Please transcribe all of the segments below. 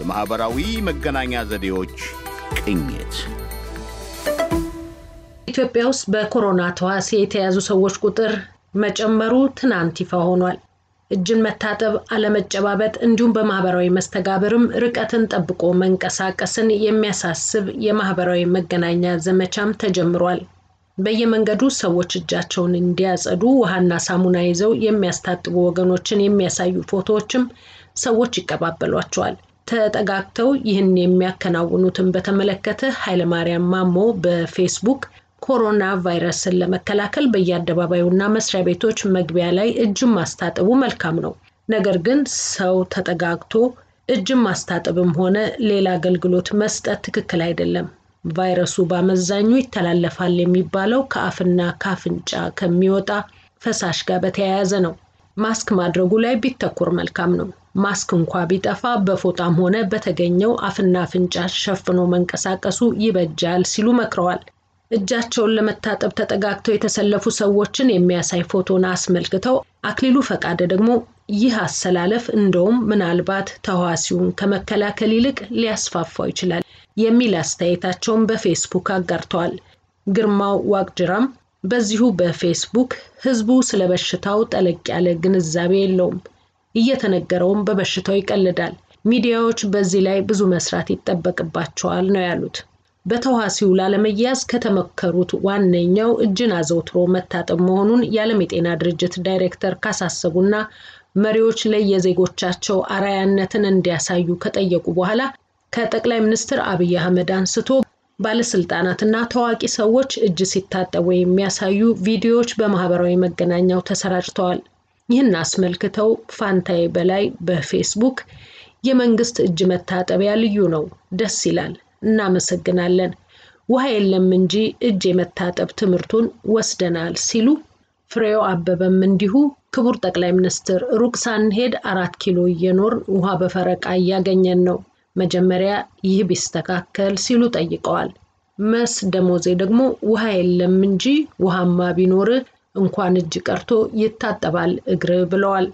የማኅበራዊ መገናኛ ዘዴዎች ቅኝት ኢትዮጵያ ውስጥ በኮሮና ተዋሲ የተያዙ ሰዎች ቁጥር መጨመሩ ትናንት ይፋ ሆኗል። እጅን መታጠብ፣ አለመጨባበጥ እንዲሁም በማህበራዊ መስተጋብርም ርቀትን ጠብቆ መንቀሳቀስን የሚያሳስብ የማህበራዊ መገናኛ ዘመቻም ተጀምሯል። በየመንገዱ ሰዎች እጃቸውን እንዲያጸዱ ውሃና ሳሙና ይዘው የሚያስታጥቡ ወገኖችን የሚያሳዩ ፎቶዎችም ሰዎች ይቀባበሏቸዋል። ተጠጋግተው ይህን የሚያከናውኑትን በተመለከተ ኃይለማርያም ማሞ በፌስቡክ ኮሮና ቫይረስን ለመከላከል በየአደባባዩና መስሪያ ቤቶች መግቢያ ላይ እጅን ማስታጠቡ መልካም ነው። ነገር ግን ሰው ተጠጋግቶ እጅን ማስታጠብም ሆነ ሌላ አገልግሎት መስጠት ትክክል አይደለም። ቫይረሱ በአመዛኙ ይተላለፋል የሚባለው ከአፍና ከአፍንጫ ከሚወጣ ፈሳሽ ጋር በተያያዘ ነው። ማስክ ማድረጉ ላይ ቢተኮር መልካም ነው። ማስክ እንኳ ቢጠፋ በፎጣም ሆነ በተገኘው አፍና አፍንጫ ሸፍኖ መንቀሳቀሱ ይበጃል ሲሉ መክረዋል። እጃቸውን ለመታጠብ ተጠጋግተው የተሰለፉ ሰዎችን የሚያሳይ ፎቶን አስመልክተው አክሊሉ ፈቃደ ደግሞ ይህ አሰላለፍ እንደውም ምናልባት ተዋሲውን ከመከላከል ይልቅ ሊያስፋፋው ይችላል የሚል አስተያየታቸውን በፌስቡክ አጋርተዋል። ግርማው ዋቅጅራም በዚሁ በፌስቡክ ህዝቡ ስለ በሽታው ጠለቅ ያለ ግንዛቤ የለውም እየተነገረውም በበሽታው ይቀልዳል። ሚዲያዎች በዚህ ላይ ብዙ መስራት ይጠበቅባቸዋል ነው ያሉት። በተዋሲው ላለመያዝ ከተመከሩት ዋነኛው እጅን አዘውትሮ መታጠብ መሆኑን የዓለም የጤና ድርጅት ዳይሬክተር ካሳሰቡና መሪዎች ላይ የዜጎቻቸው አራያነትን እንዲያሳዩ ከጠየቁ በኋላ ከጠቅላይ ሚኒስትር አብይ አህመድ አንስቶ ባለስልጣናትና ታዋቂ ሰዎች እጅ ሲታጠቡ የሚያሳዩ ቪዲዮዎች በማህበራዊ መገናኛው ተሰራጭተዋል። ይህን አስመልክተው ፋንታዬ በላይ በፌስቡክ የመንግስት እጅ መታጠቢያ ልዩ ነው፣ ደስ ይላል፣ እናመሰግናለን። ውሃ የለም እንጂ እጅ የመታጠብ ትምህርቱን ወስደናል ሲሉ ፍሬው አበበም እንዲሁ ክቡር ጠቅላይ ሚኒስትር ሩቅ ሳንሄድ አራት ኪሎ እየኖር ውሃ በፈረቃ እያገኘን ነው፣ መጀመሪያ ይህ ቢስተካከል ሲሉ ጠይቀዋል። መስ ደሞዜ ደግሞ ውሃ የለም እንጂ ውሃማ ቢኖር እንኳን እጅ ቀርቶ ይታጠባል እግር ብለዋል።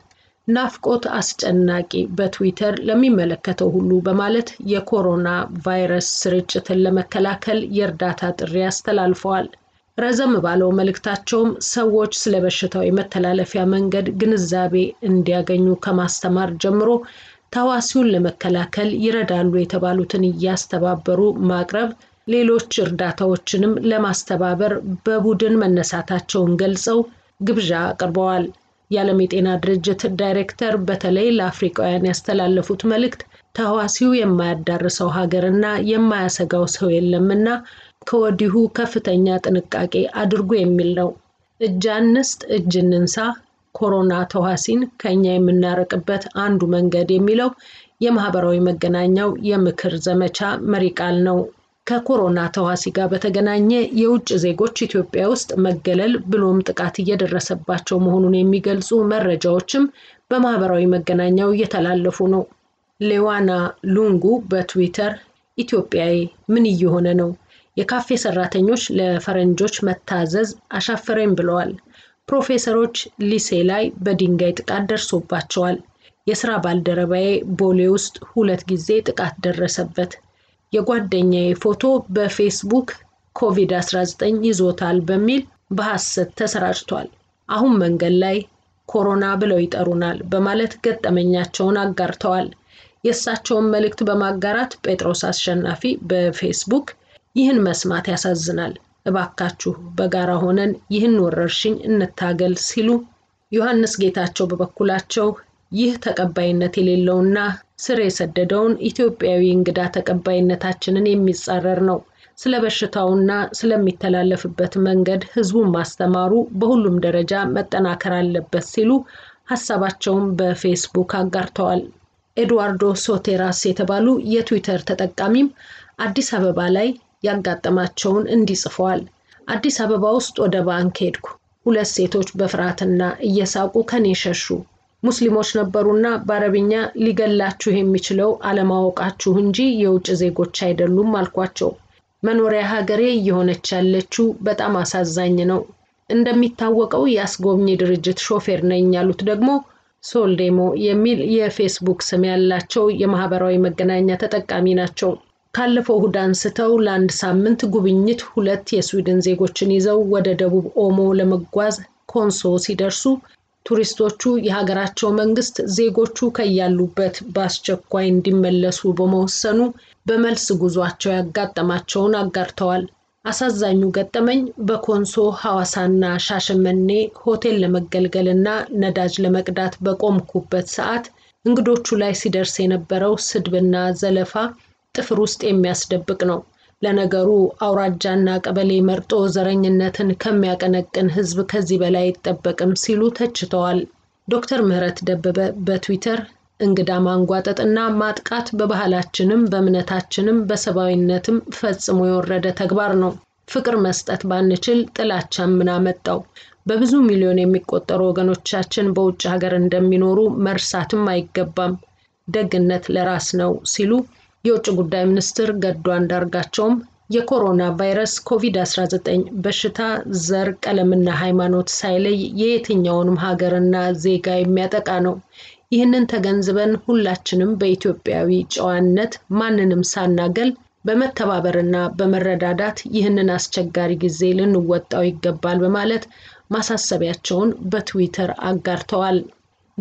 ናፍቆት አስጨናቂ በትዊተር ለሚመለከተው ሁሉ በማለት የኮሮና ቫይረስ ስርጭትን ለመከላከል የእርዳታ ጥሪ አስተላልፈዋል። ረዘም ባለው መልእክታቸውም ሰዎች ስለ በሽታው የመተላለፊያ መንገድ ግንዛቤ እንዲያገኙ ከማስተማር ጀምሮ ተዋሲውን ለመከላከል ይረዳሉ የተባሉትን እያስተባበሩ ማቅረብ ሌሎች እርዳታዎችንም ለማስተባበር በቡድን መነሳታቸውን ገልጸው ግብዣ አቅርበዋል። የዓለም የጤና ድርጅት ዳይሬክተር በተለይ ለአፍሪካውያን ያስተላለፉት መልእክት ተህዋሲው የማያዳርሰው ሀገርና የማያሰጋው ሰው የለምና ከወዲሁ ከፍተኛ ጥንቃቄ አድርጉ የሚል ነው። እጅ አንስት፣ እጅ እንንሳ፣ ኮሮና ተዋሲን ከኛ የምናረቅበት አንዱ መንገድ የሚለው የማህበራዊ መገናኛው የምክር ዘመቻ መሪ ቃል ነው። ከኮሮና ተዋሲ ጋር በተገናኘ የውጭ ዜጎች ኢትዮጵያ ውስጥ መገለል ብሎም ጥቃት እየደረሰባቸው መሆኑን የሚገልጹ መረጃዎችም በማህበራዊ መገናኛው እየተላለፉ ነው። ሌዋና ሉንጉ በትዊተር ኢትዮጵያዊ ምን እየሆነ ነው? የካፌ ሰራተኞች ለፈረንጆች መታዘዝ አሻፈረኝ ብለዋል። ፕሮፌሰሮች ሊሴ ላይ በድንጋይ ጥቃት ደርሶባቸዋል። የስራ ባልደረባዬ ቦሌ ውስጥ ሁለት ጊዜ ጥቃት ደረሰበት። የጓደኛዬ ፎቶ በፌስቡክ ኮቪድ-19 ይዞታል በሚል በሐሰት ተሰራጭቷል። አሁን መንገድ ላይ ኮሮና ብለው ይጠሩናል በማለት ገጠመኛቸውን አጋርተዋል። የእሳቸውን መልእክት በማጋራት ጴጥሮስ አሸናፊ በፌስቡክ ይህን መስማት ያሳዝናል፣ እባካችሁ በጋራ ሆነን ይህን ወረርሽኝ እንታገል ሲሉ፣ ዮሐንስ ጌታቸው በበኩላቸው ይህ ተቀባይነት የሌለውና ስር የሰደደውን ኢትዮጵያዊ እንግዳ ተቀባይነታችንን የሚጻረር ነው። ስለ በሽታውና ስለሚተላለፍበት መንገድ ህዝቡን ማስተማሩ በሁሉም ደረጃ መጠናከር አለበት ሲሉ ሀሳባቸውን በፌስቡክ አጋርተዋል። ኤድዋርዶ ሶቴራስ የተባሉ የትዊተር ተጠቃሚም አዲስ አበባ ላይ ያጋጠማቸውን እንዲህ ጽፈዋል። አዲስ አበባ ውስጥ ወደ ባንክ ሄድኩ። ሁለት ሴቶች በፍርሃትና እየሳቁ ከኔ ሸሹ። ሙስሊሞች ነበሩና በአረብኛ ሊገላችሁ የሚችለው አለማወቃችሁ እንጂ የውጭ ዜጎች አይደሉም አልኳቸው። መኖሪያ ሀገሬ እየሆነች ያለችው በጣም አሳዛኝ ነው። እንደሚታወቀው የአስጎብኚ ድርጅት ሾፌር ነኝ ያሉት ደግሞ ሶልዴሞ የሚል የፌስቡክ ስም ያላቸው የማህበራዊ መገናኛ ተጠቃሚ ናቸው። ካለፈው እሁድ አንስተው ለአንድ ሳምንት ጉብኝት ሁለት የስዊድን ዜጎችን ይዘው ወደ ደቡብ ኦሞ ለመጓዝ ኮንሶ ሲደርሱ ቱሪስቶቹ የሀገራቸው መንግስት ዜጎቹ ከያሉበት በአስቸኳይ እንዲመለሱ በመወሰኑ በመልስ ጉዟቸው ያጋጠማቸውን አጋርተዋል። አሳዛኙ ገጠመኝ በኮንሶ ሐዋሳና ሻሸመኔ ሆቴል ለመገልገልና ነዳጅ ለመቅዳት በቆምኩበት ሰዓት እንግዶቹ ላይ ሲደርስ የነበረው ስድብና ዘለፋ ጥፍር ውስጥ የሚያስደብቅ ነው። ለነገሩ አውራጃና ቀበሌ መርጦ ዘረኝነትን ከሚያቀነቅን ህዝብ ከዚህ በላይ አይጠበቅም ሲሉ ተችተዋል። ዶክተር ምህረት ደበበ በትዊተር እንግዳ ማንጓጠጥና ማጥቃት በባህላችንም በእምነታችንም በሰብአዊነትም ፈጽሞ የወረደ ተግባር ነው። ፍቅር መስጠት ባንችል ጥላቻ ምን አመጣው? በብዙ ሚሊዮን የሚቆጠሩ ወገኖቻችን በውጭ ሀገር እንደሚኖሩ መርሳትም አይገባም። ደግነት ለራስ ነው ሲሉ የውጭ ጉዳይ ሚኒስትር ገዱ አንዳርጋቸውም የኮሮና ቫይረስ ኮቪድ-19 በሽታ ዘር፣ ቀለምና ሃይማኖት ሳይለይ የየትኛውንም ሀገርና ዜጋ የሚያጠቃ ነው። ይህንን ተገንዝበን ሁላችንም በኢትዮጵያዊ ጨዋነት ማንንም ሳናገል በመተባበርና በመረዳዳት ይህንን አስቸጋሪ ጊዜ ልንወጣው ይገባል በማለት ማሳሰቢያቸውን በትዊተር አጋርተዋል።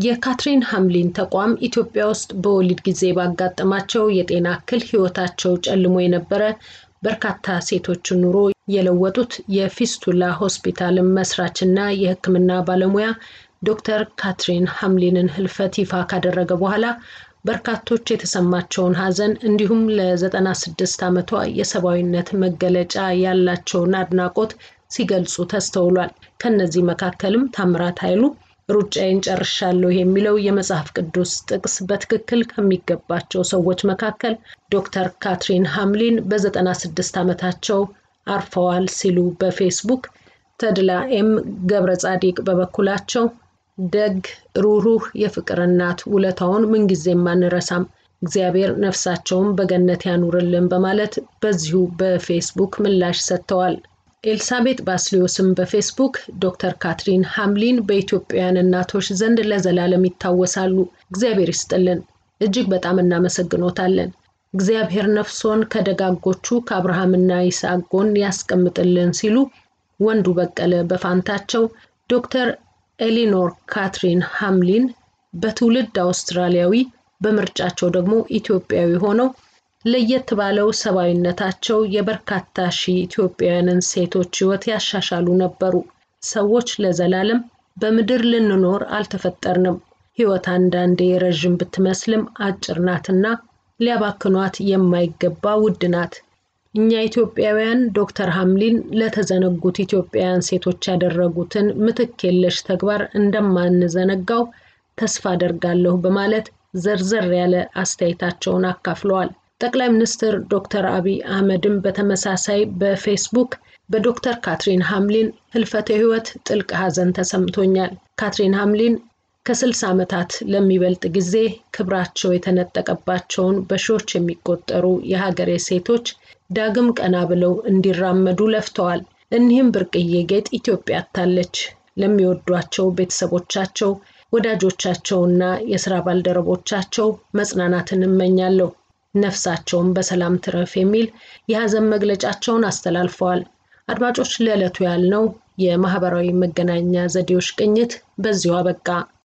የካትሪን ሀምሊን ተቋም ኢትዮጵያ ውስጥ በወሊድ ጊዜ ባጋጠማቸው የጤና እክል ህይወታቸው ጨልሞ የነበረ በርካታ ሴቶችን ኑሮ የለወጡት የፊስቱላ ሆስፒታል መስራችና የህክምና ባለሙያ ዶክተር ካትሪን ሀምሊንን ህልፈት ይፋ ካደረገ በኋላ በርካቶች የተሰማቸውን ሀዘን እንዲሁም ለ96 ዓመቷ የሰብአዊነት መገለጫ ያላቸውን አድናቆት ሲገልጹ ተስተውሏል። ከእነዚህ መካከልም ታምራት ኃይሉ ሩጫዬን ጨርሻለሁ የሚለው የመጽሐፍ ቅዱስ ጥቅስ በትክክል ከሚገባቸው ሰዎች መካከል ዶክተር ካትሪን ሃምሊን በ96 ዓመታቸው አርፈዋል ሲሉ በፌስቡክ ተድላ ኤም ገብረ ጻዲቅ በበኩላቸው ደግ ሩሩህ የፍቅር እናት ውለታውን ምንጊዜም አንረሳም እግዚአብሔር ነፍሳቸውን በገነት ያኑርልን በማለት በዚሁ በፌስቡክ ምላሽ ሰጥተዋል። ኤልሳቤጥ ባስሊዮስም በፌስቡክ ዶክተር ካትሪን ሐምሊን በኢትዮጵያውያን እናቶች ዘንድ ለዘላለም ይታወሳሉ። እግዚአብሔር ይስጥልን። እጅግ በጣም እናመሰግኖታለን። እግዚአብሔር ነፍሶን ከደጋጎቹ ከአብርሃምና ይስሐቅ ጎን ያስቀምጥልን ሲሉ ወንዱ በቀለ በፋንታቸው ዶክተር ኤሊኖር ካትሪን ሃምሊን በትውልድ አውስትራሊያዊ በምርጫቸው ደግሞ ኢትዮጵያዊ ሆነው ለየት ባለው ሰብአዊነታቸው የበርካታ ሺህ ኢትዮጵያውያንን ሴቶች ሕይወት ያሻሻሉ ነበሩ። ሰዎች ለዘላለም በምድር ልንኖር አልተፈጠርንም። ሕይወት አንዳንዴ ረዥም ብትመስልም አጭር ናትና ሊያባክኗት የማይገባ ውድ ናት። እኛ ኢትዮጵያውያን ዶክተር ሐምሊን ለተዘነጉት ኢትዮጵያውያን ሴቶች ያደረጉትን ምትክ የለሽ ተግባር እንደማንዘነጋው ተስፋ አደርጋለሁ በማለት ዘርዘር ያለ አስተያየታቸውን አካፍለዋል። ጠቅላይ ሚኒስትር ዶክተር አብይ አህመድም በተመሳሳይ በፌስቡክ በዶክተር ካትሪን ሐምሊን ህልፈተ ህይወት ጥልቅ ሀዘን ተሰምቶኛል። ካትሪን ሐምሊን ከ ዓመታት ለሚበልጥ ጊዜ ክብራቸው የተነጠቀባቸውን በሺዎች የሚቆጠሩ የሀገሬ ሴቶች ዳግም ቀና ብለው እንዲራመዱ ለፍተዋል። እኒህም ብርቅዬ ጌጥ ኢትዮጵያ አታለች። ለሚወዷቸው ቤተሰቦቻቸው፣ ወዳጆቻቸውና የስራ ባልደረቦቻቸው መጽናናትን እመኛለሁ። ነፍሳቸውን በሰላም ትረፍ የሚል የሐዘን መግለጫቸውን አስተላልፈዋል። አድማጮች፣ ለዕለቱ ያልነው የማህበራዊ መገናኛ ዘዴዎች ቅኝት በዚሁ አበቃ።